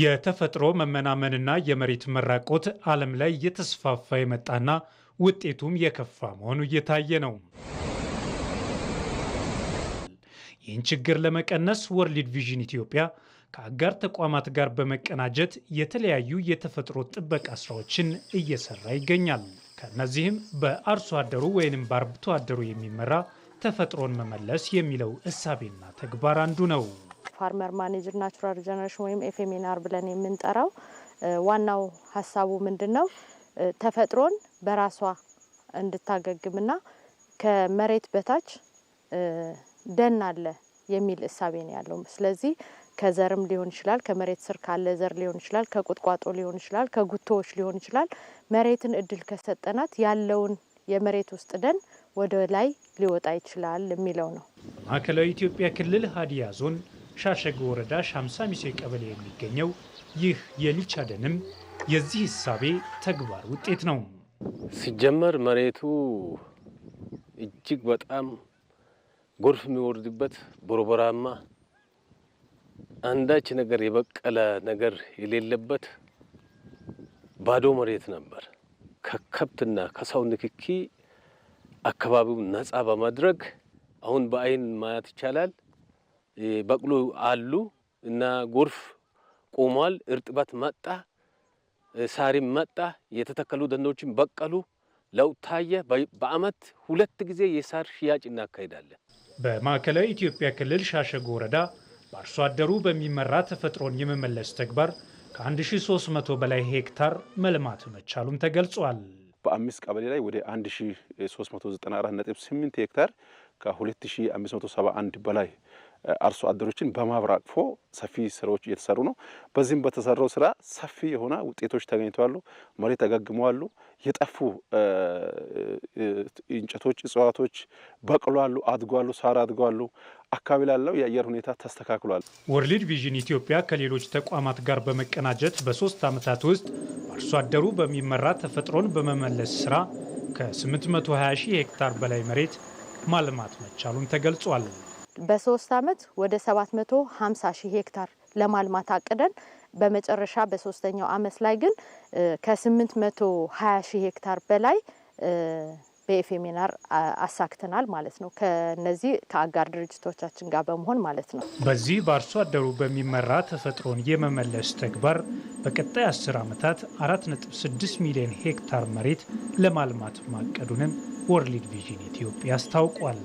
የተፈጥሮ መመናመንና የመሬት መራቆት ዓለም ላይ እየተስፋፋ የመጣና ውጤቱም የከፋ መሆኑ እየታየ ነው። ይህን ችግር ለመቀነስ ወርልድ ቪዥን ኢትዮጵያ ከአጋር ተቋማት ጋር በመቀናጀት የተለያዩ የተፈጥሮ ጥበቃ ስራዎችን እየሰራ ይገኛል። ከእነዚህም በአርሶ አደሩ ወይንም በአርብቶ አደሩ የሚመራ ተፈጥሮን መመለስ የሚለው እሳቤና ተግባር አንዱ ነው። ፋርመር ማኔጅድ ናቹራል ሪጀነሬሽን ወይም ኤፍኤምኤንአር ብለን የምንጠራው ዋናው ሀሳቡ ምንድን ነው? ተፈጥሮን በራሷ እንድታገግምና ከመሬት በታች ደን አለ የሚል እሳቤ ነው ያለው። ስለዚህ ከዘርም ሊሆን ይችላል፣ ከመሬት ስር ካለ ዘር ሊሆን ይችላል፣ ከቁጥቋጦ ሊሆን ይችላል፣ ከጉቶዎች ሊሆን ይችላል። መሬትን እድል ከሰጠናት ያለውን የመሬት ውስጥ ደን ወደ ላይ ሊወጣ ይችላል የሚለው ነው። ማዕከላዊ ኢትዮጵያ ክልል ሀዲያ ዞን ሻሸጎ ወረዳ ሻምሳ ሚሴ ቀበሌ የሚገኘው ይህ የልቻ ደንም የዚህ እሳቤ ተግባር ውጤት ነው። ሲጀመር መሬቱ እጅግ በጣም ጎርፍ የሚወርድበት ቦርቦራማ፣ አንዳች ነገር የበቀለ ነገር የሌለበት ባዶ መሬት ነበር። ከከብትና ከሰው ንክኪ አካባቢውን ነፃ በማድረግ አሁን በአይን ማየት ይቻላል። በቅሎ አሉ እና ጎርፍ ቆሟል። እርጥበት መጣ፣ ሳርም መጣ። የተተከሉ ደኖችን በቀሉ። ለውጥ ታየ። በአመት ሁለት ጊዜ የሳር ሽያጭ እናካሄዳለን። በማዕከላዊ ኢትዮጵያ ክልል ሻሸጎ ወረዳ በአርሶ አደሩ በሚመራ ተፈጥሮን የመመለስ ተግባር ከ1300 በላይ ሄክታር መልማት መቻሉም ተገልጿል። በአምስት ቀበሌ ላይ ወደ 1394.8 ሄክታር ከ2571 በላይ አርሶ አደሮችን በማብራ አቅፎ ሰፊ ስራዎች እየተሰሩ ነው። በዚህም በተሰራው ስራ ሰፊ የሆነ ውጤቶች ተገኝተዋሉ። መሬት አገግመዋሉ። የጠፉ እንጨቶች፣ እጽዋቶች በቅሏሉ፣ አድጓሉ፣ ሳር አድጓሉ። አካባቢ ላለው የአየር ሁኔታ ተስተካክሏል። ወርልድ ቪዥን ኢትዮጵያ ከሌሎች ተቋማት ጋር በመቀናጀት በሶስት ዓመታት ውስጥ አርሶ አደሩ በሚመራ ተፈጥሮን በመመለስ ስራ ከ820 ሄክታር በላይ መሬት ማልማት መቻሉን ተገልጿል። በሶስት አመት ወደ 750 ሺህ ሄክታር ለማልማት አቅደን በመጨረሻ በሶስተኛው አመት ላይ ግን ከ820 ሺህ ሄክታር በላይ በኤፌሜናር አሳክተናል ማለት ነው። ከነዚህ ከአጋር ድርጅቶቻችን ጋር በመሆን ማለት ነው። በዚህ በአርሶ አደሩ በሚመራ ተፈጥሮን የመመለስ ተግባር በቀጣይ 10 ዓመታት 4.6 ሚሊዮን ሄክታር መሬት ለማልማት ማቀዱንም ወርልድ ቪዥን ኢትዮጵያ አስታውቋል።